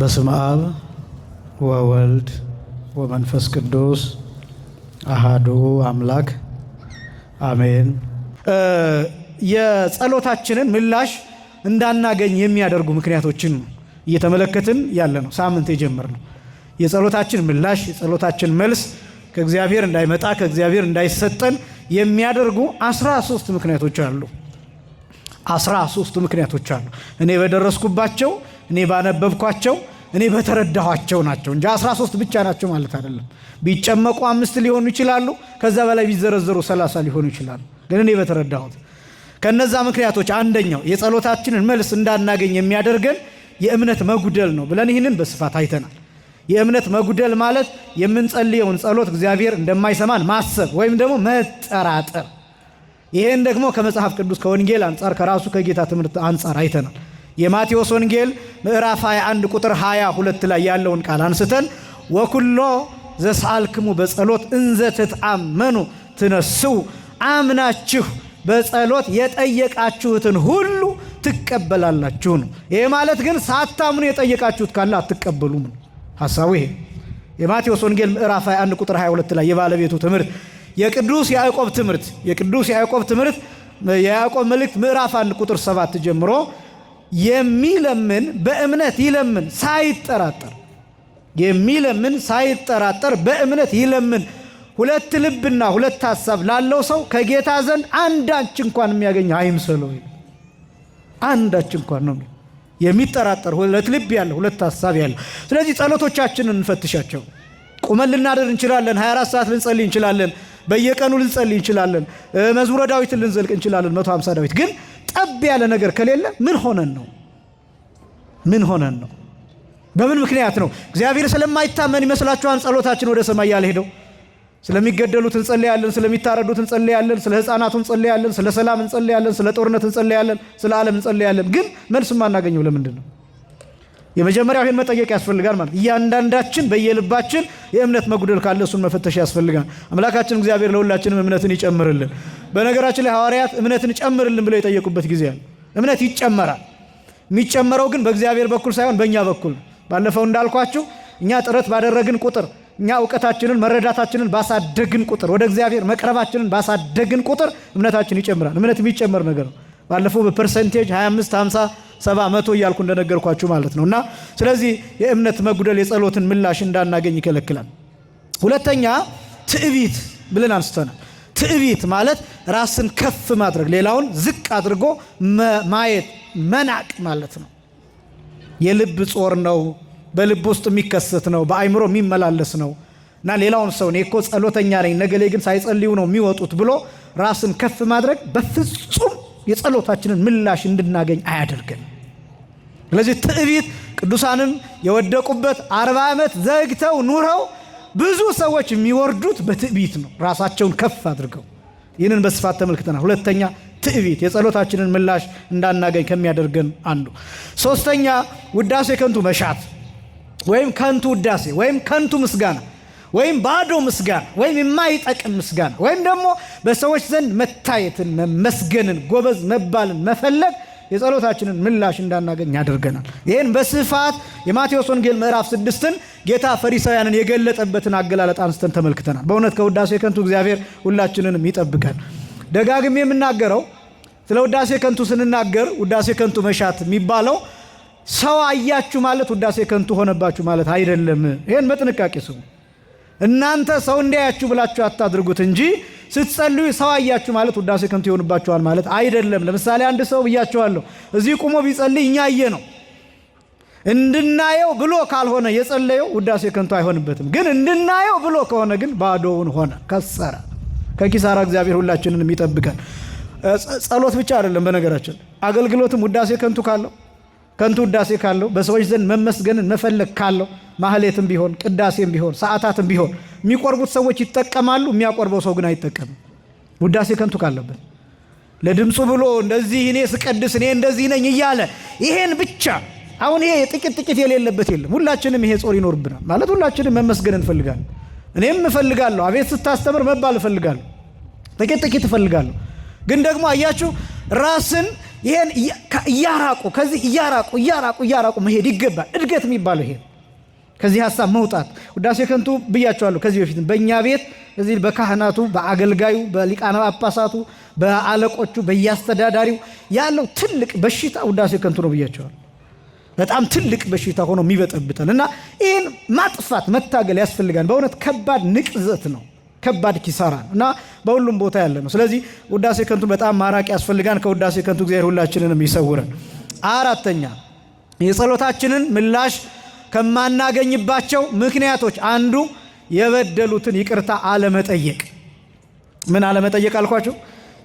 በስም አብ ወወልድ ወመንፈስ ቅዱስ አሃዱ አምላክ አሜን። የጸሎታችንን ምላሽ እንዳናገኝ የሚያደርጉ ምክንያቶችን እየተመለከትን ያለ ነው። ሳምንት ነው። የጸሎታችን ምላሽ፣ የጸሎታችን መልስ ከእግዚአብሔር እንዳይመጣ ከእግዚአብሔር እንዳይሰጠን የሚያደርጉ አስራ ሶስት ምክንያቶች አሉ። አስራ ምክንያቶች አሉ። እኔ በደረስኩባቸው እኔ ባነበብኳቸው እኔ በተረዳኋቸው ናቸው እንጂ 13 ብቻ ናቸው ማለት አይደለም። ቢጨመቁ አምስት ሊሆኑ ይችላሉ። ከዛ በላይ ቢዘረዘሩ 30 ሊሆኑ ይችላሉ። ግን እኔ በተረዳሁት ከነዛ ምክንያቶች አንደኛው የጸሎታችንን መልስ እንዳናገኝ የሚያደርገን የእምነት መጉደል ነው ብለን ይህንን በስፋት አይተናል። የእምነት መጉደል ማለት የምንጸልየውን ጸሎት እግዚአብሔር እንደማይሰማን ማሰብ ወይም ደግሞ መጠራጠር። ይህን ደግሞ ከመጽሐፍ ቅዱስ ከወንጌል አንጻር ከራሱ ከጌታ ትምህርት አንጻር አይተናል። የማቴዎስ ወንጌል ምዕራፍ 21 ቁጥር 22 ላይ ያለውን ቃል አንስተን ወኩሎ ዘስአልክሙ በጸሎት እንዘ ትትአመኑ ትነስው አምናችሁ በጸሎት የጠየቃችሁትን ሁሉ ትቀበላላችሁ ነው። ይሄ ማለት ግን ሳታምኑ የጠየቃችሁት ካለ አትቀበሉም ነው ሐሳቡ። ይሄ የማቴዎስ ወንጌል ምዕራፍ 21 ቁጥር 22 ላይ የባለቤቱ ትምህርት የቅዱስ ያዕቆብ ትምህርት የቅዱስ ያዕቆብ ትምህርት የያዕቆብ መልእክት ምዕራፍ 1 ቁጥር 7 ጀምሮ የሚለምን በእምነት ይለምን ሳይጠራጠር የሚለምን ሳይጠራጠር በእምነት ይለምን። ሁለት ልብና ሁለት ሀሳብ ላለው ሰው ከጌታ ዘንድ አንዳች እንኳን የሚያገኝ አይምሰለው። አንዳች እንኳን ነው የሚጠራጠር ሁለት ልብ ያለ ሁለት ሀሳብ ያለ። ስለዚህ ጸሎቶቻችንን እንፈትሻቸው። ቁመን ልናደር እንችላለን። 24 ሰዓት ልንጸልይ እንችላለን። በየቀኑ ልንጸልይ እንችላለን። መዝሙረ ዳዊትን ልንዘልቅ እንችላለን። 150 ዳዊት ግን ጠብ ያለ ነገር ከሌለ ምን ሆነን ነው? ምን ሆነን ነው? በምን ምክንያት ነው? እግዚአብሔር ስለማይታመን ይመስላችኋል? ጸሎታችን ወደ ሰማይ ያልሄደው ስለሚገደሉት እንጸልያለን፣ ስለሚታረዱት እንጸልያለን፣ ስለ ሕፃናቱ እንጸልያለን፣ ስለ ሰላም እንጸልያለን፣ ስለ ጦርነት እንጸልያለን፣ ስለ ዓለም እንጸልያለን። ግን መልስ የማናገኘው ለምንድን ነው? የመጀመሪያው ይህን መጠየቅ ያስፈልጋል ማለት እያንዳንዳችን በየልባችን የእምነት መጉደል ካለ እሱን መፈተሽ ያስፈልጋል። አምላካችን እግዚአብሔር ለሁላችንም እምነትን ይጨምርልን። በነገራችን ላይ ሐዋርያት እምነትን ጨምርልን ብለው የጠየቁበት ጊዜ ያለ እምነት ይጨመራል። የሚጨመረው ግን በእግዚአብሔር በኩል ሳይሆን በእኛ በኩል። ባለፈው እንዳልኳችሁ እኛ ጥረት ባደረግን ቁጥር እኛ እውቀታችንን መረዳታችንን ባሳደግን ቁጥር ወደ እግዚአብሔር መቅረባችንን ባሳደግን ቁጥር እምነታችን ይጨምራል። እምነት የሚጨመር ነገር ነው። ባለፈው በፐርሰንቴጅ 25 50 ሰባ መቶ እያልኩ እንደነገርኳችሁ ማለት ነው። እና ስለዚህ የእምነት መጉደል የጸሎትን ምላሽ እንዳናገኝ ይከለክላል። ሁለተኛ ትዕቢት ብለን አንስተናል። ትዕቢት ማለት ራስን ከፍ ማድረግ፣ ሌላውን ዝቅ አድርጎ ማየት መናቅ ማለት ነው። የልብ ጾር ነው። በልብ ውስጥ የሚከሰት ነው። በአይምሮ የሚመላለስ ነው እና ሌላውን ሰው እኔ እኮ ጸሎተኛ ነኝ ነገሌ ግን ሳይጸልዩ ነው የሚወጡት ብሎ ራስን ከፍ ማድረግ በፍጹም የጸሎታችንን ምላሽ እንድናገኝ አያደርገን። ስለዚህ ትዕቢት ቅዱሳንም የወደቁበት አርባ ዓመት ዘግተው ኑረው ብዙ ሰዎች የሚወርዱት በትዕቢት ነው፣ ራሳቸውን ከፍ አድርገው። ይህንን በስፋት ተመልክተናል። ሁለተኛ ትዕቢት የጸሎታችንን ምላሽ እንዳናገኝ ከሚያደርገን አንዱ። ሶስተኛ ውዳሴ ከንቱ መሻት ወይም ከንቱ ውዳሴ ወይም ከንቱ ምስጋና ወይም ባዶ ምስጋና ወይም የማይጠቅም ምስጋና ወይም ደግሞ በሰዎች ዘንድ መታየትን፣ መመስገንን፣ ጎበዝ መባልን መፈለግ የጸሎታችንን ምላሽ እንዳናገኝ ያደርገናል። ይህን በስፋት የማቴዎስ ወንጌል ምዕራፍ ስድስትን ጌታ ፈሪሳውያንን የገለጠበትን አገላለጥ አንስተን ተመልክተናል። በእውነት ከውዳሴ ከንቱ እግዚአብሔር ሁላችንንም ይጠብቀን። ደጋግሜ የምናገረው ስለ ውዳሴ ከንቱ ስንናገር ውዳሴ ከንቱ መሻት የሚባለው ሰው አያችሁ ማለት ውዳሴ ከንቱ ሆነባችሁ ማለት አይደለም። ይህን በጥንቃቄ ስሙ። እናንተ ሰው እንዲያያችሁ ብላችሁ አታድርጉት እንጂ ስትጸልዩ ሰው አያችሁ ማለት ውዳሴ ከንቱ ይሆንባችኋል ማለት አይደለም። ለምሳሌ አንድ ሰው ብያችኋለሁ፣ እዚህ ቁሞ ቢጸልይ እኛ አየ ነው እንድናየው ብሎ ካልሆነ የጸለየው ውዳሴ ከንቱ አይሆንበትም። ግን እንድናየው ብሎ ከሆነ ግን ባዶውን ሆነ፣ ከሰረ። ከኪሳራ እግዚአብሔር ሁላችንን የሚጠብቀን ጸሎት ብቻ አይደለም። በነገራችን አገልግሎትም ውዳሴ ከንቱ ካለው ከንቱ ውዳሴ ካለው በሰዎች ዘንድ መመስገንን መፈለግ ካለው ማህሌትም ቢሆን ቅዳሴም ቢሆን ሰዓታትም ቢሆን የሚቆርቡት ሰዎች ይጠቀማሉ፣ የሚያቆርበው ሰው ግን አይጠቀምም። ውዳሴ ከንቱ ካለበት ለድምፁ ብሎ እንደዚህ እኔ ስቀድስ እኔ እንደዚህ ነኝ እያለ ይሄን ብቻ አሁን ይሄ ጥቂት ጥቂት የሌለበት የለም። ሁላችንም ይሄ ጾር ይኖርብናል ማለት ሁላችንም መመስገን እንፈልጋለን። እኔም እፈልጋለሁ፣ አቤት ስታስተምር መባል እፈልጋለሁ፣ ጥቂት ጥቂት እፈልጋለሁ። ግን ደግሞ አያችሁ ራስን ይሄን እያራቁ ከዚህ እያራቁ እያራቁ እያራቁ መሄድ ይገባል። እድገት የሚባለው ይሄ ከዚህ ሀሳብ መውጣት ውዳሴ ከንቱ ብያቸዋለሁ። ከዚህ በፊት በእኛ ቤት እዚህ በካህናቱ፣ በአገልጋዩ፣ በሊቃነ ጳጳሳቱ፣ በአለቆቹ፣ በየአስተዳዳሪው ያለው ትልቅ በሽታ ውዳሴ ከንቱ ነው ብያቸዋለሁ። በጣም ትልቅ በሽታ ሆኖ የሚበጠብጠን እና ይህን ማጥፋት መታገል ያስፈልጋል። በእውነት ከባድ ንቅዘት ነው። ከባድ ኪሳራ ነው እና በሁሉም ቦታ ያለ ነው። ስለዚህ ውዳሴ ከንቱ በጣም ማራቅ ያስፈልጋን። ከውዳሴ ከንቱ እግዚአብሔር ሁላችንንም ይሰውረን። አራተኛ የጸሎታችንን ምላሽ ከማናገኝባቸው ምክንያቶች አንዱ የበደሉትን ይቅርታ አለመጠየቅ። ምን አለመጠየቅ አልኳቸው?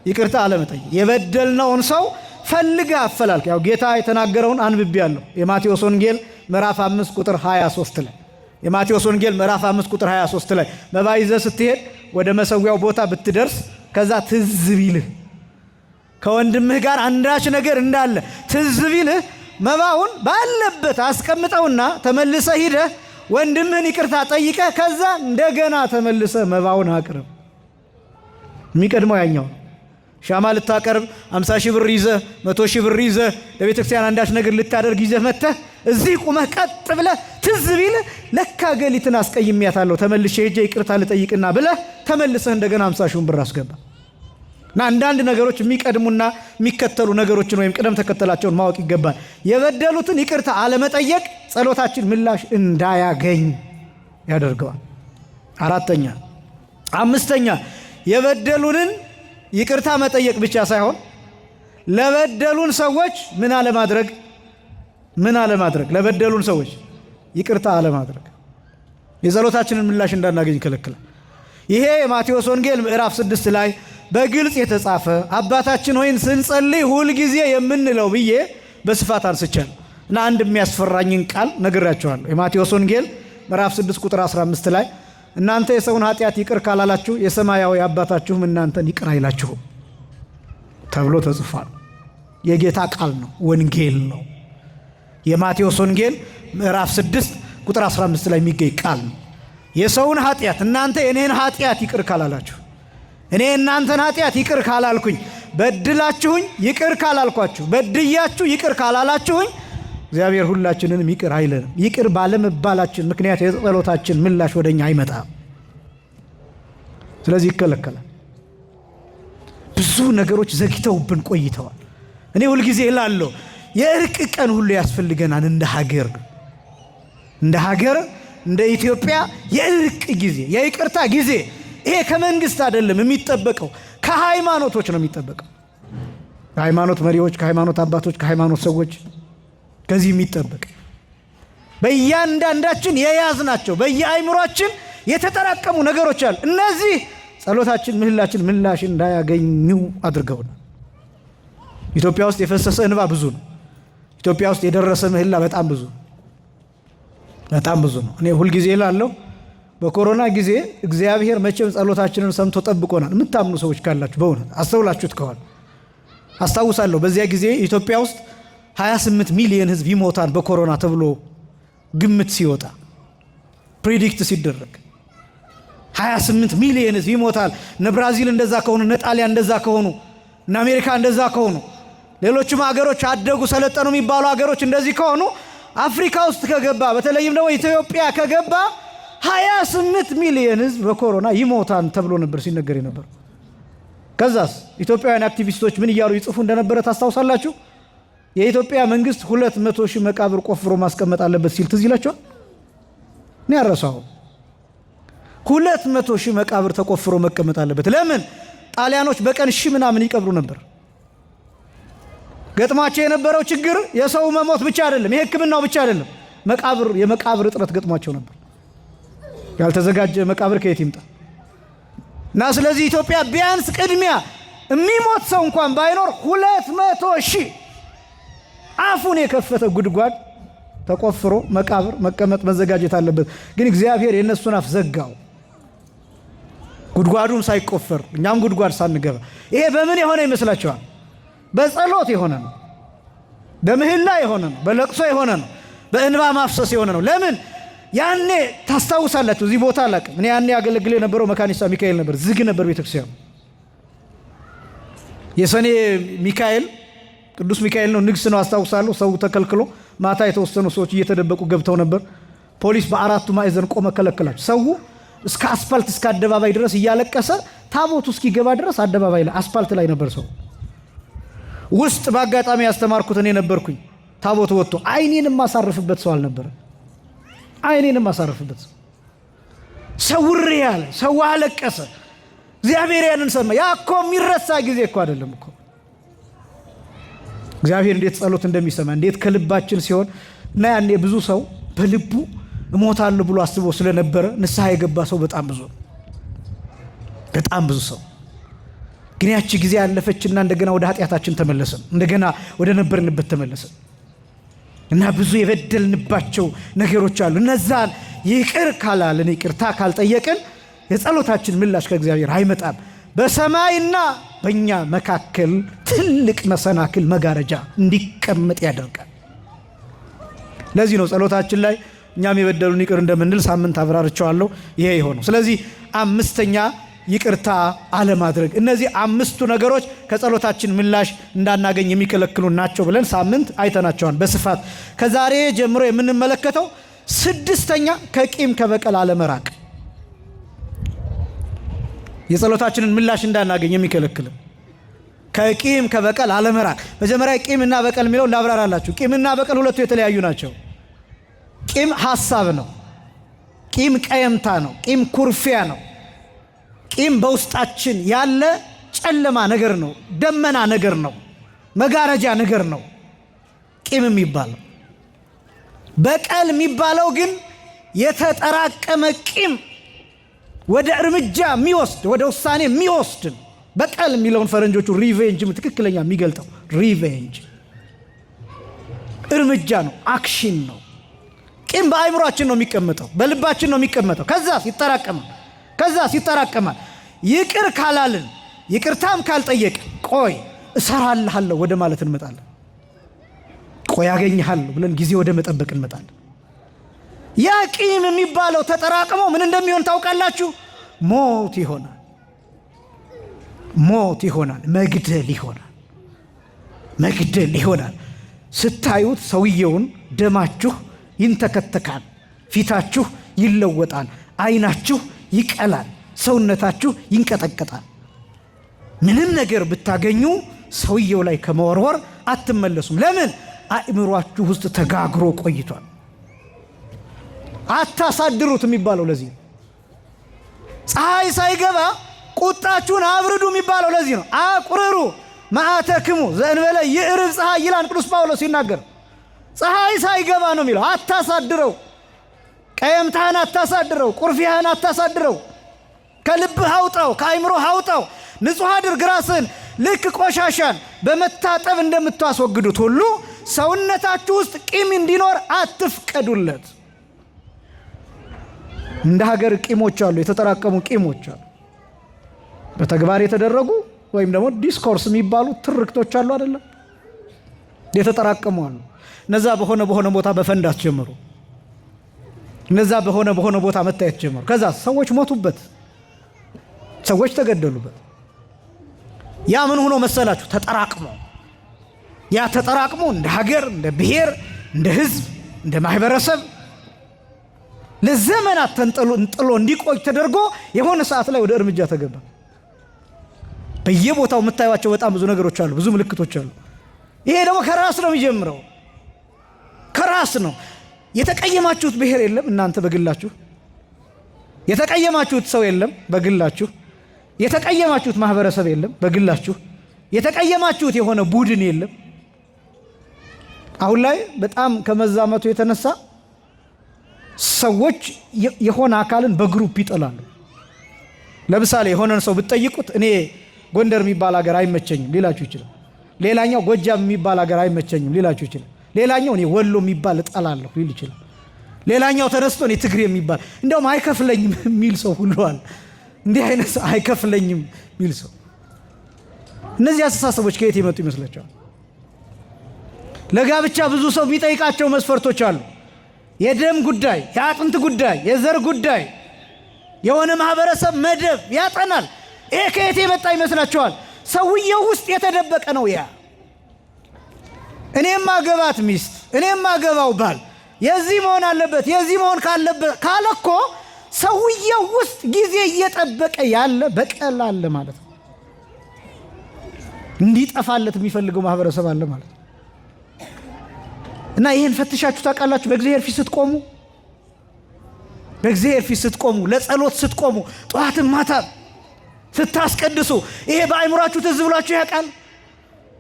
ይቅርታ አለመጠየቅ። የበደልነውን ሰው ፈልገ አፈላልክ። ያው ጌታ የተናገረውን አንብቤ ያለሁ የማቴዎስ ወንጌል ምዕራፍ 5 ቁጥር 23 ላይ የማቴዎስ ወንጌል ምዕራፍ 5 ቁጥር 23 ላይ መባ ይዘህ ስትሄድ ወደ መሰዊያው ቦታ ብትደርስ ከዛ ትዝ ቢልህ ከወንድምህ ጋር አንዳች ነገር እንዳለ ትዝ ቢልህ መባውን ባለበት አስቀምጠውና ተመልሰ ሂደህ ወንድምህን ይቅርታ ጠይቀህ ከዛ እንደገና ተመልሰ መባውን አቅርብ። የሚቀድመው ያኛው ሻማ ልታቀርብ አምሳ ሺህ ብር ይዘህ መቶ ሺህ ብር ይዘህ ለቤተ ክርስቲያን አንዳች ነገር ልታደርግ ይዘህ መጥተህ እዚህ ቁመህ ቀጥ ብለህ ትዝ ቢል ለካ ገሊትን አስቀይሜያታለሁ ተመልሼ ሄጄ ይቅርታ ልጠይቅና ብለህ ተመልሰህ እንደገና አምሳ ሺውን ብር አስገባ እና አንዳንድ ነገሮች የሚቀድሙና የሚከተሉ ነገሮችን ወይም ቅደም ተከተላቸውን ማወቅ ይገባል። የበደሉትን ይቅርታ አለመጠየቅ ጸሎታችን ምላሽ እንዳያገኝ ያደርገዋል። አራተኛ አምስተኛ የበደሉንን ይቅርታ መጠየቅ ብቻ ሳይሆን ለበደሉን ሰዎች ምን አለማድረግ ምን አለማድረግ ለበደሉን ሰዎች ይቅርታ አለማድረግ የጸሎታችንን ምላሽ እንዳናገኝ ይከለክላል። ይሄ የማቴዎስ ወንጌል ምዕራፍ ስድስት ላይ በግልጽ የተጻፈ አባታችን ሆይን ስንጸልይ ሁልጊዜ የምንለው ብዬ በስፋት አንስቻል እና አንድ የሚያስፈራኝን ቃል ነግራችኋለሁ። የማቴዎስ ወንጌል ምዕራፍ 6 ቁጥር 15 ላይ እናንተ የሰውን ኃጢአት ይቅር ካላላችሁ የሰማያዊ አባታችሁም እናንተን ይቅር አይላችሁም ተብሎ ተጽፏል። የጌታ ቃል ነው፣ ወንጌል ነው። የማቴዎስ ወንጌል ምዕራፍ 6 ቁጥር 15 ላይ የሚገኝ ቃል ነው። የሰውን ኃጢአት እናንተ የእኔን ኃጢአት ይቅር ካላላችሁ እኔ እናንተን ኃጢአት ይቅር ካላልኩኝ፣ በድላችሁኝ ይቅር ካላልኳችሁ፣ በድያችሁ ይቅር ካላላችሁኝ እግዚአብሔር ሁላችንንም ይቅር አይለንም። ይቅር ባለመባላችን ምክንያት የጸሎታችን ምላሽ ወደኛ አይመጣም። ስለዚህ ይከለከላል። ብዙ ነገሮች ዘግተውብን ቆይተዋል። እኔ ሁልጊዜ እላለሁ የእርቅ ቀን ሁሉ ያስፈልገናል። እንደ ሀገር እንደ ሀገር እንደ ኢትዮጵያ የእርቅ ጊዜ የይቅርታ ጊዜ ይሄ ከመንግስት አይደለም የሚጠበቀው፣ ከሃይማኖቶች ነው የሚጠበቀው። ከሃይማኖት መሪዎች፣ ከሃይማኖት አባቶች፣ ከሃይማኖት ሰዎች ከዚህ የሚጠበቅ በእያንዳንዳችን የያዝ ናቸው። በየአይምሯችን የተጠራቀሙ ነገሮች አሉ። እነዚህ ጸሎታችን፣ ምህላችን ምላሽ እንዳያገኙ አድርገውናል። ኢትዮጵያ ውስጥ የፈሰሰ እንባ ብዙ ነው። ኢትዮጵያ ውስጥ የደረሰ ምህላ በጣም ብዙ በጣም ብዙ ነው። እኔ ሁልጊዜ ላለው በኮሮና ጊዜ እግዚአብሔር መቼም ጸሎታችንን ሰምቶ ጠብቆናል። የምታምኑ ሰዎች ካላችሁ በእውነት አስተውላችሁት ከሆነ አስታውሳለሁ በዚያ ጊዜ ኢትዮጵያ ውስጥ 28 ሚሊዮን ህዝብ ይሞታል በኮሮና ተብሎ ግምት ሲወጣ ፕሪዲክት ሲደረግ 28 ሚሊዮን ህዝብ ይሞታል። እነ ብራዚል እንደዛ ከሆኑ፣ እነ ጣሊያን እንደዛ ከሆኑ፣ እነ አሜሪካ እንደዛ ከሆኑ፣ ሌሎችም ሀገሮች አደጉ ሰለጠኑ የሚባሉ ሀገሮች እንደዚህ ከሆኑ አፍሪካ ውስጥ ከገባ በተለይም ደግሞ ኢትዮጵያ ከገባ 28 ሚሊዮን ህዝብ በኮሮና ይሞታል ተብሎ ነበር ሲነገር የነበረው። ከዛስ ኢትዮጵያውያን አክቲቪስቶች ምን እያሉ ይጽፉ እንደነበረ ታስታውሳላችሁ? የኢትዮጵያ መንግስት ሁለት መቶ ሺህ መቃብር ቆፍሮ ማስቀመጥ አለበት ሲል ትዝ ይላቸዋል። እኔ ያረሳው ሁለት መቶ ሺህ መቃብር ተቆፍሮ መቀመጥ አለበት። ለምን ጣሊያኖች በቀን ሺ ምናምን ይቀብሩ ነበር። ገጥሟቸው የነበረው ችግር የሰው መሞት ብቻ አይደለም፣ የህክምናው ብቻ አይደለም። መቃብር የመቃብር እጥረት ገጥሟቸው ነበር። ያልተዘጋጀ መቃብር ከየት ይምጣ? እና ስለዚህ ኢትዮጵያ ቢያንስ ቅድሚያ የሚሞት ሰው እንኳን ባይኖር ሁለት መቶ ሺህ አፉን የከፈተ ጉድጓድ ተቆፍሮ መቃብር መቀመጥ መዘጋጀት አለበት። ግን እግዚአብሔር የእነሱን አፍ ዘጋው፣ ጉድጓዱም ሳይቆፈር እኛም ጉድጓድ ሳንገባ። ይሄ በምን የሆነ ይመስላችኋል? በጸሎት የሆነ ነው። በምህላ የሆነ ነው። በለቅሶ የሆነ ነው። በእንባ ማፍሰስ የሆነ ነው። ለምን ያኔ ታስታውሳላችሁ? እዚህ ቦታ አላቅም ምን ያኔ ያገለግል የነበረው መካኒሳ ሚካኤል ነበር። ዝግ ነበር ቤተክርስቲያኑ የሰኔ ሚካኤል ቅዱስ ሚካኤል ነው። ንግስ ነው አስታውሳለሁ። ሰው ተከልክሎ ማታ የተወሰኑ ሰዎች እየተደበቁ ገብተው ነበር። ፖሊስ በአራቱ ማዕዘን ቆመ፣ ከለከላቸው። ሰው እስከ አስፋልት እስከ አደባባይ ድረስ እያለቀሰ ታቦቱ እስኪገባ ድረስ አደባባይ ላይ አስፋልት ላይ ነበር ሰው። ውስጥ በአጋጣሚ ያስተማርኩት እኔ ነበርኩኝ። ታቦቱ ወጥቶ አይኔን የማሳርፍበት ሰው አልነበረ። አይኔን የማሳርፍበት ሰው ሰውሬ ያለ ሰው አለቀሰ። እግዚአብሔር ያንን ሰማ። ያ እኮ የሚረሳ ጊዜ እኮ አይደለም እኮ እግዚአብሔር እንዴት ጸሎት እንደሚሰማ እንዴት ከልባችን ሲሆን እና ያኔ ብዙ ሰው በልቡ እሞታለሁ ብሎ አስቦ ስለነበረ ንስሐ የገባ ሰው በጣም ብዙ በጣም ብዙ ሰው ግን ያቺ ጊዜ ያለፈችና እንደገና ወደ ኃጢአታችን ተመለስን፣ እንደገና ወደ ነበርንበት ተመለስን እና ብዙ የበደልንባቸው ነገሮች አሉ። እነዛን ይቅር ካላልን ይቅርታ ካልጠየቅን የጸሎታችን ምላሽ ከእግዚአብሔር አይመጣም። በሰማይና በእኛ መካከል ትልቅ መሰናክል መጋረጃ እንዲቀመጥ ያደርጋል። ለዚህ ነው ጸሎታችን ላይ እኛም የበደሉን ይቅር እንደምንል ሳምንት አብራርቸዋለሁ። ይሄ የሆነው ስለዚህ አምስተኛ ይቅርታ አለማድረግ። እነዚህ አምስቱ ነገሮች ከጸሎታችን ምላሽ እንዳናገኝ የሚከለክሉ ናቸው ብለን ሳምንት አይተናቸዋል በስፋት። ከዛሬ ጀምሮ የምንመለከተው ስድስተኛ ከቂም ከበቀል አለመራቅ የጸሎታችንን ምላሽ እንዳናገኝ የሚከለክልን ከቂም ከበቀል አለመራቅ። መጀመሪያ ቂም እና በቀል የሚለው ላብራራላችሁ። እና በቀል ሁለቱ የተለያዩ ናቸው። ቂም ሐሳብ ነው። ቂም ቀየምታ ነው። ቂም ኩርፊያ ነው። ቂም በውስጣችን ያለ ጨለማ ነገር ነው። ደመና ነገር ነው። መጋረጃ ነገር ነው። ቂም የሚባለው በቀል የሚባለው ግን የተጠራቀመ ቂም ወደ እርምጃ የሚወስድ ወደ ውሳኔ የሚወስድ በቀል የሚለውን ፈረንጆቹ ሪቬንጅ ትክክለኛ የሚገልጠው ሪቬንጅ እርምጃ ነው፣ አክሽን ነው። ቂም በአይምሯችን ነው የሚቀመጠው፣ በልባችን ነው የሚቀመጠው። ከዛስ ይጠራቀማል፣ ከዛስ ይጠራቀማል። ይቅር ካላልን ይቅርታም ካልጠየቅ ቆይ እሰራልሃለሁ ወደ ማለት እንመጣለን። ቆይ ያገኝሃለሁ ብለን ጊዜ ወደ መጠበቅ እንመጣለን። ያ ቂም የሚባለው ተጠራቅሞ ምን እንደሚሆን ታውቃላችሁ? ሞት ይሆናል። ሞት ይሆናል፣ መግደል ይሆናል፣ መግደል ይሆናል። ስታዩት ሰውየውን ደማችሁ ይንተከተካል፣ ፊታችሁ ይለወጣል፣ አይናችሁ ይቀላል፣ ሰውነታችሁ ይንቀጠቀጣል። ምንም ነገር ብታገኙ ሰውየው ላይ ከመወርወር አትመለሱም። ለምን? አእምሯችሁ ውስጥ ተጋግሮ ቆይቷል። አታሳድሩት የሚባለው ለዚህ ነው። ፀሐይ ሳይገባ ቁጣችሁን አብርዱ የሚባለው ለዚህ ነው። አቁርሩ ማዕተክሙ ዘእንበለ ይዕርብ ፀሐይ ይላን ቅዱስ ጳውሎስ ሲናገር፣ ፀሐይ ሳይገባ ነው የሚለው። አታሳድረው፣ ቀየምታህን አታሳድረው፣ ቁርፊያህን አታሳድረው። ከልብህ አውጣው፣ ከአይምሮ አውጣው፣ ንጹሕ አድርግ ራስህን። ልክ ቆሻሻን በመታጠብ እንደምታስወግዱት ሁሉ ሰውነታችሁ ውስጥ ቂም እንዲኖር አትፍቀዱለት። እንደ ሀገር ቂሞች አሉ፣ የተጠራቀሙ ቂሞች አሉ። በተግባር የተደረጉ ወይም ደግሞ ዲስኮርስ የሚባሉ ትርክቶች አሉ አይደለም የተጠራቀሙ አሉ። እነዛ በሆነ በሆነ ቦታ በፈንዳት ጀመሩ። እነዛ በሆነ በሆነ ቦታ መታየት ጀመሩ። ከዛ ሰዎች ሞቱበት፣ ሰዎች ተገደሉበት። ያ ምን ሆኖ መሰላችሁ? ተጠራቅሞ ያ ተጠራቅሞ እንደ ሀገር፣ እንደ ብሔር፣ እንደ ህዝብ እንደ ማህበረሰብ ለዘመናት ተንጥሎ እንዲቆይ ተደርጎ የሆነ ሰዓት ላይ ወደ እርምጃ ተገባ። በየቦታው የምታዩቸው በጣም ብዙ ነገሮች አሉ፣ ብዙ ምልክቶች አሉ። ይሄ ደግሞ ከራስ ነው የሚጀምረው፣ ከራስ ነው። የተቀየማችሁት ብሔር የለም እናንተ በግላችሁ የተቀየማችሁት ሰው የለም በግላችሁ የተቀየማችሁት ማህበረሰብ የለም በግላችሁ የተቀየማችሁት የሆነ ቡድን የለም። አሁን ላይ በጣም ከመዛመቱ የተነሳ ሰዎች የሆነ አካልን በግሩፕ ይጠላሉ። ለምሳሌ የሆነን ሰው ብትጠይቁት እኔ ጎንደር የሚባል ሀገር አይመቸኝም ሊላችሁ ይችላል። ሌላኛው ጎጃም የሚባል ሀገር አይመቸኝም ሊላችሁ ይችላል። ሌላኛው እኔ ወሎ የሚባል እጠላለሁ ሊል ይችላል። ሌላኛው ተነስቶ እኔ ትግሬ የሚባል እንደውም አይከፍለኝም የሚል ሰው ሁሉ እንዲህ አይነት ሰው አይከፍለኝም የሚል ሰው እነዚህ አስተሳሰቦች ከየት የመጡ ይመስላቸዋል? ለጋብቻ ብዙ ሰው የሚጠይቃቸው መስፈርቶች አሉ። የደም ጉዳይ፣ የአጥንት ጉዳይ፣ የዘር ጉዳይ፣ የሆነ ማህበረሰብ መደብ ያጠናል። ይህ ከየት የመጣ ይመስላችኋል? ሰውየው ውስጥ የተደበቀ ነው። ያ እኔም ማገባት ሚስት እኔም ማገባው ባል የዚህ መሆን አለበት የዚህ መሆን ካለበት ካለ እኮ ሰውየው ውስጥ ጊዜ እየጠበቀ ያለ በቀል አለ ማለት ነው። እንዲጠፋለት የሚፈልገው ማህበረሰብ አለ ማለት ነው። እና ይህን ፈትሻችሁ ታውቃላችሁ? በእግዚአብሔር ፊት ስትቆሙ በእግዚአብሔር ፊት ስትቆሙ ለጸሎት ስትቆሙ ጠዋትን ማታ ስታስቀድሱ ይሄ በአይምሯችሁ ትዝ ብሏችሁ ያውቃል?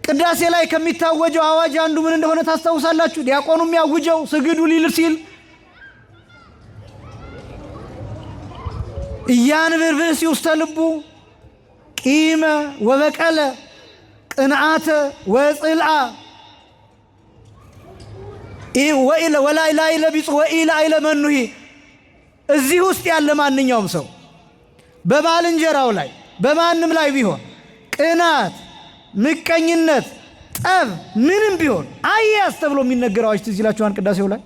ቅዳሴ ላይ ከሚታወጀው አዋጅ አንዱ ምን እንደሆነ ታስታውሳላችሁ? ዲያቆኑ የሚያውጀው ስግዱ ሊል ሲል ኢያንብብስ ውስተ ልቡ ቂመ ወበቀለ ቅንዓተ ወጽልአ ወላይላይለ ቢጹ ወኢላይለ መኑሂ እዚህ ውስጥ ያለ ማንኛውም ሰው በባልንጀራው ላይ በማንም ላይ ቢሆን ቅናት፣ ምቀኝነት፣ ጠብ ምንም ቢሆን አያስ ተብሎ የሚነገር አዋጅ ትዝ ይላችኋል። ቅዳሴው ላይ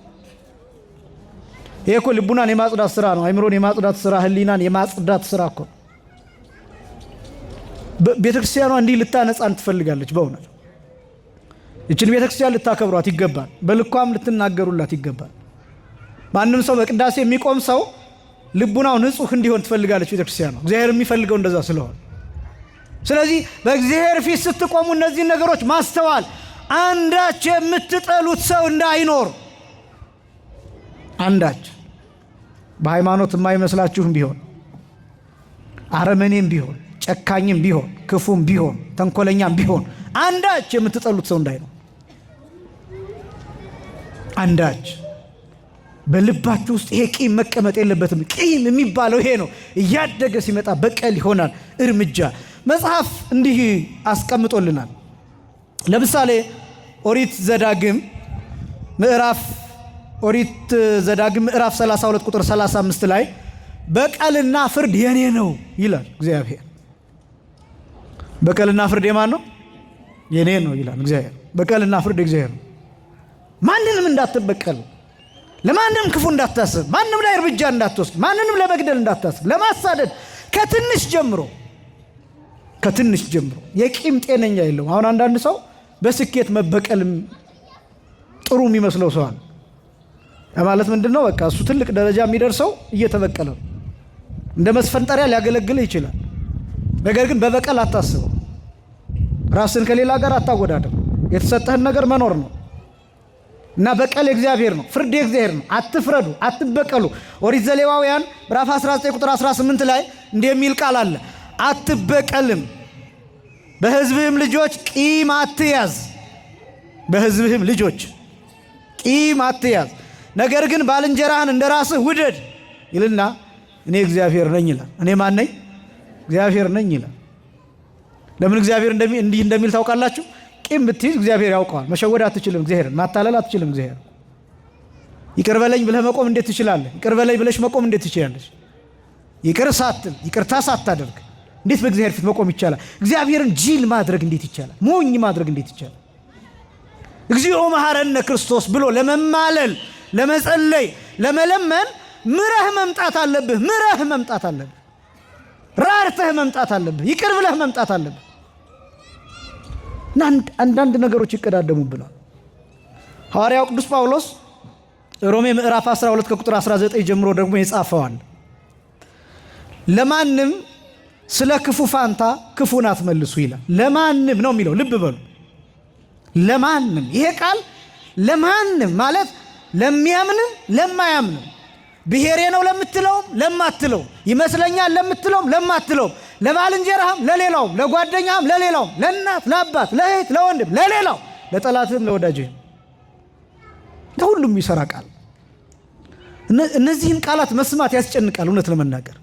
ይሄ እኮ ልቡናን የማጽዳት ስራ ነው። አይምሮን የማጽዳት ስራ፣ ህሊናን የማጽዳት ስራ እኮ ቤተ ክርስቲያኗ እንዲህ ልታነጻን ትፈልጋለች። በእውነት ይችን ቤተ ክርስቲያን ልታከብሯት ይገባል። በልኳም ልትናገሩላት ይገባል። ማንም ሰው በቅዳሴ የሚቆም ሰው ልቡናው ንጹህ እንዲሆን ትፈልጋለች ቤተክርስቲያን ነው። እግዚአብሔር የሚፈልገው እንደዛ ስለሆነ፣ ስለዚህ በእግዚአብሔር ፊት ስትቆሙ እነዚህን ነገሮች ማስተዋል፣ አንዳች የምትጠሉት ሰው እንዳይኖር አንዳች በሃይማኖት የማይመስላችሁም ቢሆን አረመኔም ቢሆን ጨካኝም ቢሆን ክፉም ቢሆን ተንኮለኛም ቢሆን አንዳች የምትጠሉት ሰው እንዳይኖር አንዳች በልባችሁ ውስጥ ይሄ ቂም መቀመጥ የለበትም። ቂም የሚባለው ይሄ ነው። እያደገ ሲመጣ በቀል ይሆናል እርምጃ። መጽሐፍ እንዲህ አስቀምጦልናል። ለምሳሌ ኦሪት ዘዳግም ምዕራፍ ኦሪት ዘዳግም ምዕራፍ 32 ቁጥር 35 ላይ በቀልና ፍርድ የኔ ነው ይላል እግዚአብሔር። በቀልና ፍርድ የማን ነው? የኔ ነው ይላል እግዚአብሔር። በቀልና ፍርድ እግዚአብሔር ነው። ማንንም እንዳትበቀል ለማንም ክፉ እንዳታስብ፣ ማንም ላይ እርምጃ እንዳትወስድ፣ ማንንም ለመግደል እንዳታስብ፣ ለማሳደድ ከትንሽ ጀምሮ ከትንሽ ጀምሮ የቂም ጤነኛ የለውም። አሁን አንዳንድ ሰው በስኬት መበቀልም ጥሩ የሚመስለው ሰዋል ማለት ምንድን ነው? በቃ እሱ ትልቅ ደረጃ የሚደርሰው እየተበቀለ ነው። እንደ መስፈንጠሪያ ሊያገለግል ይችላል። ነገር ግን በበቀል አታስበው። ራስን ከሌላ ጋር አታወዳደር። የተሰጠህን ነገር መኖር ነው። እና በቀል እግዚአብሔር ነው። ፍርድ እግዚአብሔር ነው። አትፍረዱ፣ አትበቀሉ። ኦሪት ዘሌዋውያን ምዕራፍ 19 ቁጥር 18 ላይ እንዲህ የሚል ቃል አለ፣ አትበቀልም፣ በህዝብህም ልጆች ቂም አትያዝ፣ በህዝብህም ልጆች ቂም አትያዝ፣ ነገር ግን ባልንጀራህን እንደ ራስህ ውደድ ይልና እኔ እግዚአብሔር ነኝ ይላል። እኔ ማን ነኝ? እግዚአብሔር ነኝ ይላል። ለምን እግዚአብሔር እንዲህ እንደሚል ታውቃላችሁ? ቂም ብትይዝ እግዚአብሔር ያውቀዋል። መሸወድ አትችልም፣ እግዚአብሔር ማታለል አትችልም። እግዚአብሔር ይቅር በለኝ ብለህ መቆም እንዴት ትችላለህ? ይቅር በለኝ ብለሽ መቆም እንዴት ትችላለች ይቅር ሳትል ይቅርታ ሳታደርግ እንዴት በእግዚአብሔር ፊት መቆም ይቻላል? እግዚአብሔርን ጅል ማድረግ እንዴት ይቻላል? ሞኝ ማድረግ እንዴት ይቻላል? እግዚኦ መሐረነ ክርስቶስ ብሎ ለመማለል፣ ለመጸለይ፣ ለመለመን ምረህ መምጣት አለብህ። ምረህ መምጣት አለብህ። ራርተህ መምጣት አለብህ። ይቅር ብለህ መምጣት አለብህ። እና አንዳንድ ነገሮች ይቀዳደሙብናል። ሐዋርያው ቅዱስ ጳውሎስ ሮሜ ምዕራፍ 12 ከቁጥር 19 ጀምሮ ደግሞ የጻፈዋል። ለማንም ስለ ክፉ ፋንታ ክፉን አትመልሱ ይላል። ለማንም ነው የሚለው፣ ልብ በሉ። ለማንም ይሄ ቃል ለማንም ማለት ለሚያምንም ለማያምንም፣ ብሔሬ ነው ለምትለውም ለማትለውም፣ ይመስለኛል ለምትለውም ለማትለውም ለባልንጀራህም፣ ለሌላውም፣ ለጓደኛህም፣ ለሌላውም፣ ለእናት፣ ለአባት፣ ለእህት፣ ለወንድም፣ ለሌላው፣ ለጠላትህም፣ ለወዳጅህም ለሁሉም ይሰራ ቃል። እነዚህን ቃላት መስማት ያስጨንቃል እውነት ለመናገር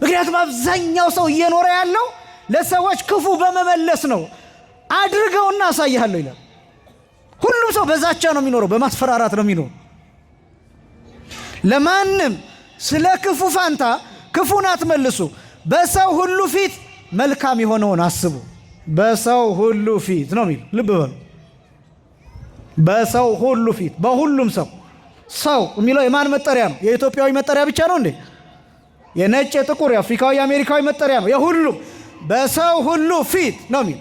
ምክንያቱም አብዛኛው ሰው እየኖረ ያለው ለሰዎች ክፉ በመመለስ ነው። አድርገውና አሳይሃለሁ ይላል። ሁሉም ሰው በዛቻ ነው የሚኖረው፣ በማስፈራራት ነው የሚኖረው። ለማንም ስለ ክፉ ፋንታ ክፉን አትመልሱ። በሰው ሁሉ ፊት መልካም የሆነውን አስቡ። በሰው ሁሉ ፊት ነው የሚሉ ልብ በሉ። በሰው ሁሉ ፊት በሁሉም ሰው ሰው የሚለው የማን መጠሪያ ነው? የኢትዮጵያዊ መጠሪያ ብቻ ነው እንዴ? የነጭ የጥቁር፣ የአፍሪካዊ፣ የአሜሪካዊ መጠሪያ ነው። የሁሉም በሰው ሁሉ ፊት ነው የሚል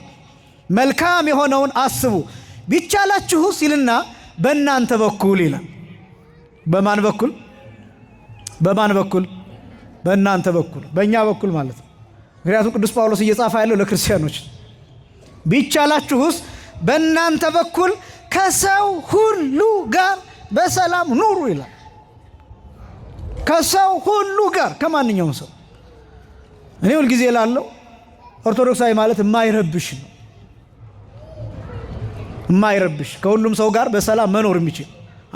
መልካም የሆነውን አስቡ ቢቻላችሁ ሲልና በእናንተ በኩል ይላል። በማን በኩል? በማን በኩል በእናንተ በኩል በእኛ በኩል ማለት ነው። ምክንያቱም ቅዱስ ጳውሎስ እየጻፈ ያለው ለክርስቲያኖች ቢቻላችሁስ በእናንተ በኩል ከሰው ሁሉ ጋር በሰላም ኑሩ ይላል። ከሰው ሁሉ ጋር ከማንኛውም ሰው እኔ ሁልጊዜ ላለው ኦርቶዶክሳዊ ማለት የማይረብሽ ነው። የማይረብሽ ከሁሉም ሰው ጋር በሰላም መኖር የሚችል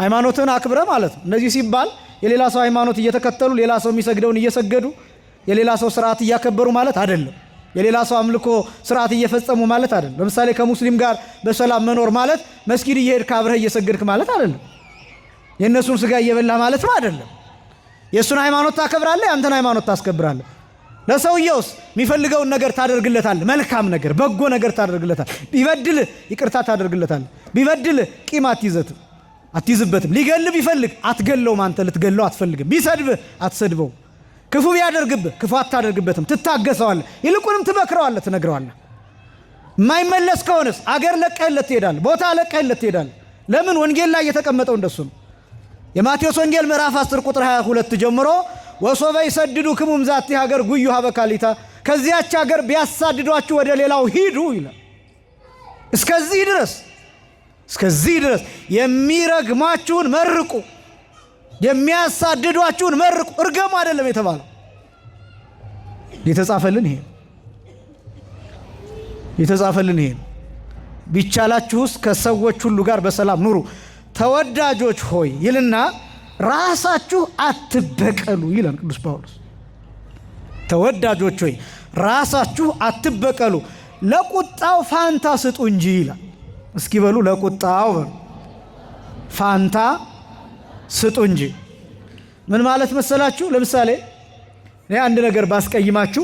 ሃይማኖትን አክብረ ማለት ነው። እነዚህ ሲባል የሌላ ሰው ሃይማኖት እየተከተሉ ሌላ ሰው የሚሰግደውን እየሰገዱ የሌላ ሰው ስርዓት እያከበሩ ማለት አይደለም። የሌላ ሰው አምልኮ ስርዓት እየፈጸሙ ማለት አይደለም። ለምሳሌ ከሙስሊም ጋር በሰላም መኖር ማለት መስጊድ እየሄድክ አብረህ እየሰገድክ ማለት አይደለም። የእነሱን ስጋ እየበላ ነው አይደለም። የእሱን ሃይማኖት ታከብራለህ፣ አንተን ሃይማኖት ታስከብራለህ። ለሰውየውስ የሚፈልገውን ነገር ታደርግለታል። መልካም ነገር፣ በጎ ነገር ታደርግለታል። ቢበድልህ ይቅርታ ታደርግለታል። ቢበድልህ ቂም አትይዘትም። አትይዝበትም። ሊገል ቢፈልግ አትገለውም። አንተ ልትገለው አትፈልግም። ቢሰድብህ አትሰድበው። ክፉ ቢያደርግብህ ክፉ አታደርግበትም። ትታገሰዋለህ። ይልቁንም ትመክረዋለህ፣ ትነግረዋለህ። የማይመለስ ከሆነስ አገር ለቀህለት ትሄዳለህ፣ ቦታ ለቀህለት ትሄዳለህ። ለምን? ወንጌል ላይ የተቀመጠው እንደሱ ነው። የማቴዎስ ወንጌል ምዕራፍ 10 ቁጥር 22 ጀምሮ ወሶበ ክሙም ዛቲ ሀገር ጉዩ ሀበካሊታ ከዚያች ሀገር ቢያሳድዷችሁ ወደ ሌላው ሂዱ ይላል። እስከዚህ ድረስ እስከዚህ ድረስ የሚረግማችሁን መርቁ፣ የሚያሳድዷችሁን መርቁ። እርገም አይደለም የተባለው የተጻፈልን ይሄ የተጻፈልን ይሄ ቢቻላችሁ ውስጥ ከሰዎች ሁሉ ጋር በሰላም ኑሩ፣ ተወዳጆች ሆይ ይልና ራሳችሁ አትበቀሉ ይላል ቅዱስ ጳውሎስ። ተወዳጆች ሆይ ራሳችሁ አትበቀሉ፣ ለቁጣው ፋንታ ስጡ እንጂ ይላል እስኪ በሉ ለቁጣው ፋንታ ስጡ እንጂ። ምን ማለት መሰላችሁ? ለምሳሌ እኔ አንድ ነገር ባስቀይማችሁ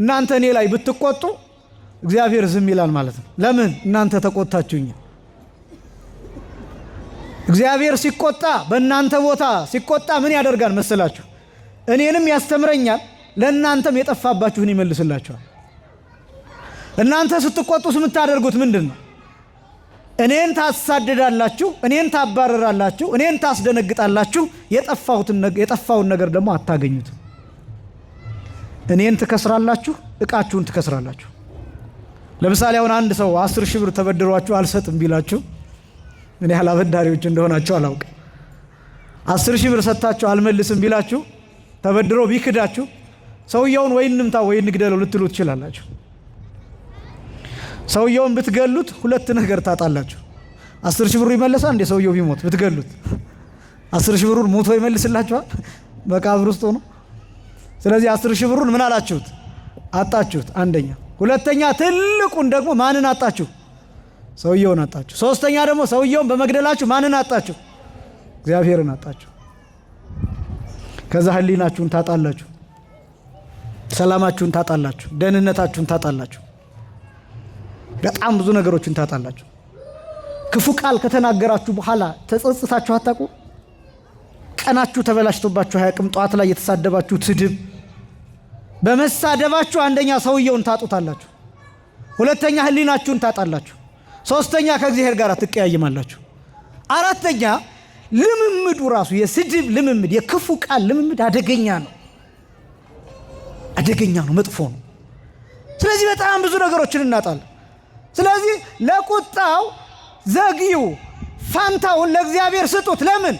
እናንተ እኔ ላይ ብትቆጡ እግዚአብሔር ዝም ይላል ማለት ነው። ለምን? እናንተ ተቆጣችሁኝ። እግዚአብሔር ሲቆጣ በእናንተ ቦታ ሲቆጣ ምን ያደርጋል መሰላችሁ? እኔንም ያስተምረኛል፣ ለእናንተም የጠፋባችሁን ይመልስላችኋል። እናንተ ስትቆጡ የምታደርጉት ምንድን ነው? እኔን ታሳድዳላችሁ፣ እኔን ታባረራላችሁ፣ እኔን ታስደነግጣላችሁ፣ የጠፋውን ነገር ደግሞ አታገኙትም። እኔን ትከስራላችሁ፣ እቃችሁን ትከስራላችሁ። ለምሳሌ አሁን አንድ ሰው አስር ሺህ ብር ተበድሯችሁ አልሰጥም ቢላችሁ ምን ያህል አበዳሪዎች እንደሆናችሁ አላውቅም። አስር ሺህ ብር ሰጥታችሁ አልመልስም ቢላችሁ ተበድሮ ቢክዳችሁ ሰውየውን ወይ እንምታ ወይ እንግደለው ልትሉ ትችላላችሁ። ሰውየውን ብትገሉት ሁለት ነገር ታጣላችሁ። አስር ሺህ ብሩ ይመለሳል እንዴ? ሰውየው ቢሞት ብትገሉት አስር ሺህ ብሩን ሞቶ ይመልስላችኋል? መቃብር ውስጥ ሆኖ። ስለዚህ አስር ሺህ ብሩን ምን አላችሁት? አጣችሁት። አንደኛ። ሁለተኛ ትልቁን ደግሞ ማንን አጣችሁ? ሰውየውን አጣችሁ። ሶስተኛ ደግሞ ሰውየውን በመግደላችሁ ማንን አጣችሁ? እግዚአብሔርን አጣችሁ። ከዛ ህሊናችሁን ታጣላችሁ፣ ሰላማችሁን ታጣላችሁ፣ ደህንነታችሁን ታጣላችሁ። በጣም ብዙ ነገሮችን ታጣላችሁ። ክፉ ቃል ከተናገራችሁ በኋላ ተጸጽታችሁ አታውቁ? ቀናችሁ ተበላሽቶባችሁ አያውቅም? ጠዋት ላይ የተሳደባችሁ ስድብ በመሳደባችሁ አንደኛ ሰውየውን ታጡታላችሁ፣ ሁለተኛ ህሊናችሁን ታጣላችሁ፣ ሶስተኛ ከእግዚአብሔር ጋር ትቀያይማላችሁ፣ አራተኛ ልምምዱ ራሱ የስድብ ልምምድ የክፉ ቃል ልምምድ አደገኛ ነው። አደገኛ ነው፣ መጥፎ ነው። ስለዚህ በጣም ብዙ ነገሮችን እናጣለን። ስለዚህ ለቁጣው ዘግዩ፣ ፋንታውን ለእግዚአብሔር ስጡት። ለምን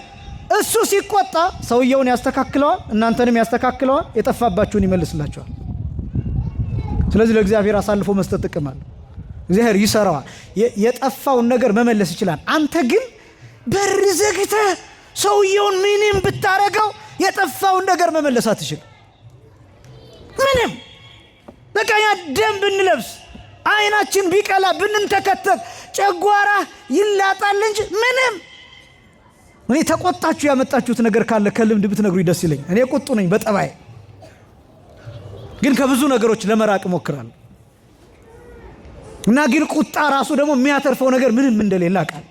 እሱ ሲቆጣ ሰውየውን ያስተካክለዋል፣ እናንተንም ያስተካክለዋል፣ የጠፋባችሁን ይመልስላችኋል። ስለዚህ ለእግዚአብሔር አሳልፎ መስጠት ጥቅም አለ። እግዚአብሔር ይሰራዋል፣ የጠፋውን ነገር መመለስ ይችላል። አንተ ግን በር ዘግተ ሰውየውን ምንም ብታረገው የጠፋውን ነገር መመለስ አትችል። ምንም በቃ ያ ደንብ እንለብስ አይናችን ቢቀላ ብንንተከተት ጨጓራ ይላጣል እንጂ ምንም። እኔ ተቆጣችሁ ያመጣችሁት ነገር ካለ ከልምድ ብትነግሩ ደስ ይለኝ። እኔ ቁጡ ነኝ በጠባይ ግን ከብዙ ነገሮች ለመራቅ እሞክራለሁ። እና ግን ቁጣ ራሱ ደግሞ የሚያተርፈው ነገር ምንም እንደሌለ አውቃለሁ።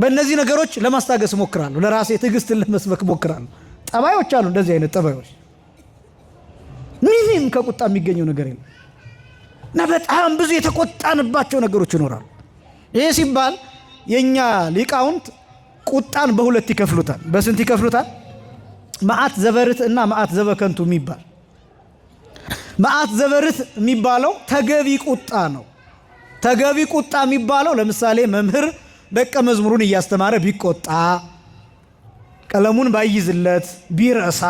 በእነዚህ ነገሮች ለማስታገስ እሞክራለሁ። ለራሴ ትዕግስትን ለመስበክ እሞክራለሁ። ጠባዮች አሉ፣ እንደዚህ አይነት ጠባዮች። ምንም ከቁጣ የሚገኘው ነገር የለም። እና በጣም ብዙ የተቆጣንባቸው ነገሮች ይኖራሉ። ይህ ሲባል የእኛ ሊቃውንት ቁጣን በሁለት ይከፍሉታል። በስንት ይከፍሉታል? መዓት ዘበርት እና መዓት ዘበከንቱ የሚባል መዓት ዘበርት የሚባለው ተገቢ ቁጣ ነው። ተገቢ ቁጣ የሚባለው ለምሳሌ መምህር ደቀ መዝሙሩን እያስተማረ ቢቆጣ፣ ቀለሙን ባይዝለት፣ ቢረሳ፣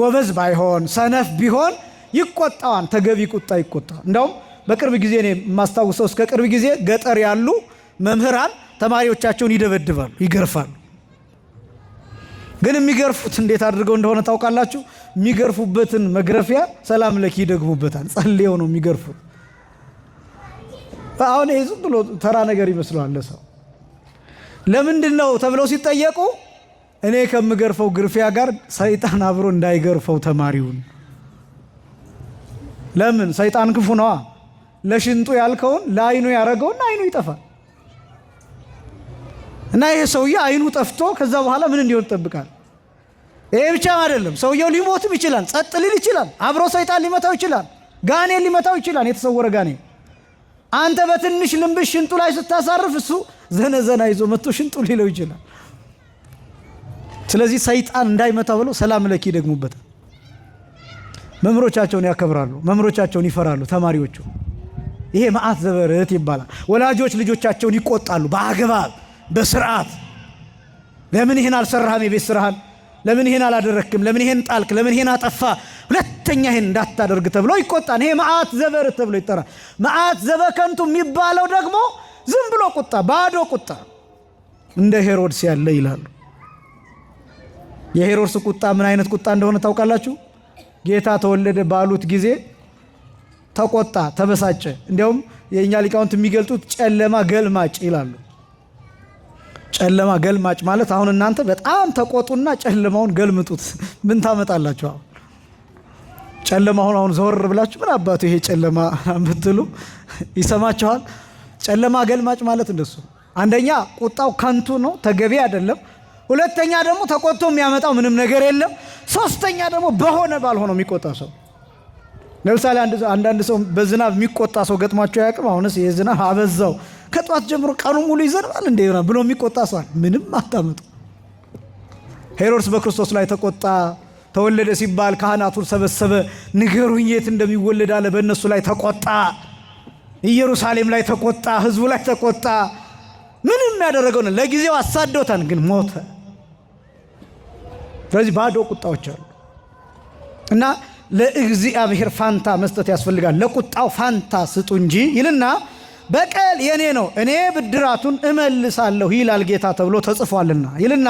ጎበዝ ባይሆን፣ ሰነፍ ቢሆን ይቆጣዋል። ተገቢ ቁጣ ይቆጣዋል። እንደውም በቅርብ ጊዜ እኔ የማስታውሰው እስከ ቅርብ ጊዜ ገጠር ያሉ መምህራን ተማሪዎቻቸውን ይደበድባሉ፣ ይገርፋሉ። ግን የሚገርፉት እንዴት አድርገው እንደሆነ ታውቃላችሁ? የሚገርፉበትን መግረፊያ ሰላም ለኪ ይደግሙበታል። ጸልየው ነው የሚገርፉት። አሁን ይህ ዝም ብሎ ተራ ነገር ይመስለዋል ለሰው። ለምንድን ነው ተብለው ሲጠየቁ እኔ ከምገርፈው ግርፊያ ጋር ሰይጣን አብሮ እንዳይገርፈው ተማሪውን ለምን? ሰይጣን ክፉ ነዋ። ለሽንጡ ያልከውን ለአይኑ ያደረገውን አይኑ ይጠፋል። እና ይሄ ሰውዬ አይኑ ጠፍቶ ከዛ በኋላ ምን እንዲሆን ይጠብቃል? ይሄ ብቻም አይደለም፣ ሰውየው ሊሞትም ይችላል። ጸጥ ሊል ይችላል። አብሮ ሰይጣን ሊመታው ይችላል። ጋኔ ሊመታው ይችላል። የተሰወረ ጋኔ አንተ በትንሽ ልንብሽ ሽንጡ ላይ ስታሳርፍ እሱ ዘነ ዘና ይዞ መጥቶ ሽንጡ ሊለው ይችላል። ስለዚህ ሰይጣን እንዳይመታ ብሎ ሰላም ለኪ ይደግሙበታል። መምህሮቻቸውን ያከብራሉ፣ መምህሮቻቸውን ይፈራሉ ተማሪዎቹ። ይሄ መዓት ዘበርት ይባላል። ወላጆች ልጆቻቸውን ይቆጣሉ በአግባብ በስርዓት። ለምን ይህን አልሰራህም? የቤት ስራህን ለምን ይህን አላደረክም? ለምን ይህን ጣልክ? ለምን ይህን አጠፋ? ሁለተኛ ይህን እንዳታደርግ ተብሎ ይቆጣል። ይሄ መዓት ዘበር ተብሎ ይጠራል። መዓት ዘበከንቱ የሚባለው ደግሞ ዝም ብሎ ቁጣ፣ ባዶ ቁጣ እንደ ሄሮድስ ያለ ይላሉ። የሄሮድስ ቁጣ ምን አይነት ቁጣ እንደሆነ ታውቃላችሁ? ጌታ ተወለደ ባሉት ጊዜ ተቆጣ፣ ተበሳጨ። እንዲያውም የእኛ ሊቃውንት የሚገልጡት ጨለማ ገልማጭ ይላሉ። ጨለማ ገልማጭ ማለት አሁን እናንተ በጣም ተቆጡና ጨለማውን ገልምጡት፣ ምን ታመጣላችሁ? አሁን ጨለማ አሁን አሁን ዘወር ብላችሁ ምን አባቱ ይሄ ጨለማ ብትሉ ይሰማችኋል። ጨለማ ገልማጭ ማለት እንደሱ አንደኛ ቁጣው ከንቱ ነው፣ ተገቢ አይደለም። ሁለተኛ ደግሞ ተቆጥቶ የሚያመጣው ምንም ነገር የለም። ሶስተኛ ደግሞ በሆነ ባልሆነው የሚቆጣ ሰው ለምሳሌ አንዳንድ ሰው በዝናብ የሚቆጣ ሰው ገጥሟቸው አያውቅም? አሁንስ የዝናብ አበዛው ከጠዋት ጀምሮ ቀኑ ሙሉ ይዘንባል እንደ ይሆናል ብሎ የሚቆጣ ሰዋል ምንም አታመጡ። ሄሮድስ በክርስቶስ ላይ ተቆጣ። ተወለደ ሲባል ካህናቱን ሰበሰበ። ንገሩኝ የት እንደሚወለድ አለ። በእነሱ ላይ ተቆጣ። ኢየሩሳሌም ላይ ተቆጣ። ህዝቡ ላይ ተቆጣ። ምንም ያደረገው ነው። ለጊዜው አሳዶታን ግን ሞተ። ስለዚህ ባዶ ቁጣዎች አሉ እና ለእግዚአብሔር ፋንታ መስጠት ያስፈልጋል። ለቁጣው ፋንታ ስጡ እንጂ ይልና በቀል የእኔ ነው እኔ ብድራቱን እመልሳለሁ ይላል ጌታ ተብሎ ተጽፏልና ይልና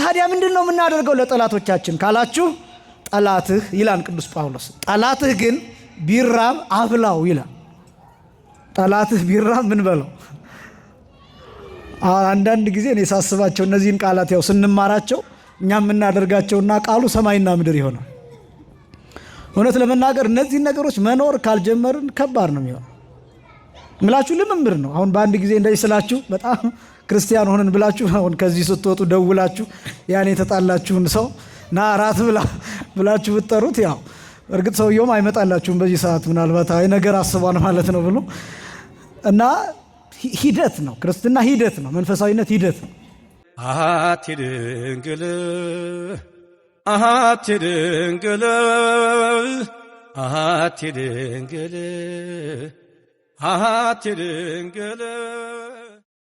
ታዲያ ምንድን ነው የምናደርገው ለጠላቶቻችን ካላችሁ ጠላትህ ይላል ቅዱስ ጳውሎስ ጠላትህ ግን ቢራብ አብላው ይላል ጠላትህ ቢራብ ምን በለው አንዳንድ ጊዜ እኔ ሳስባቸው እነዚህን ቃላት ያው ስንማራቸው እኛ የምናደርጋቸውና ቃሉ ሰማይና ምድር ይሆናል። እውነት ለመናገር እነዚህን ነገሮች መኖር ካልጀመርን ከባድ ነው የሚሆነው። ምላችሁ ልምምድ ነው። አሁን በአንድ ጊዜ እንደዚህ ስላችሁ በጣም ክርስቲያን ሆንን ብላችሁ አሁን ከዚህ ስትወጡ ደውላችሁ ያን የተጣላችሁን ሰው ና እራት ብላ ብላችሁ ብትጠሩት ያው እርግጥ ሰውየውም አይመጣላችሁም በዚህ ሰዓት ምናልባት አይ ነገር አስቧል ማለት ነው ብሎ እና ሂደት ነው ክርስትና ሂደት ነው መንፈሳዊነት ሂደት ነው። አሐቲ ድንግል አሐቲ ድንግል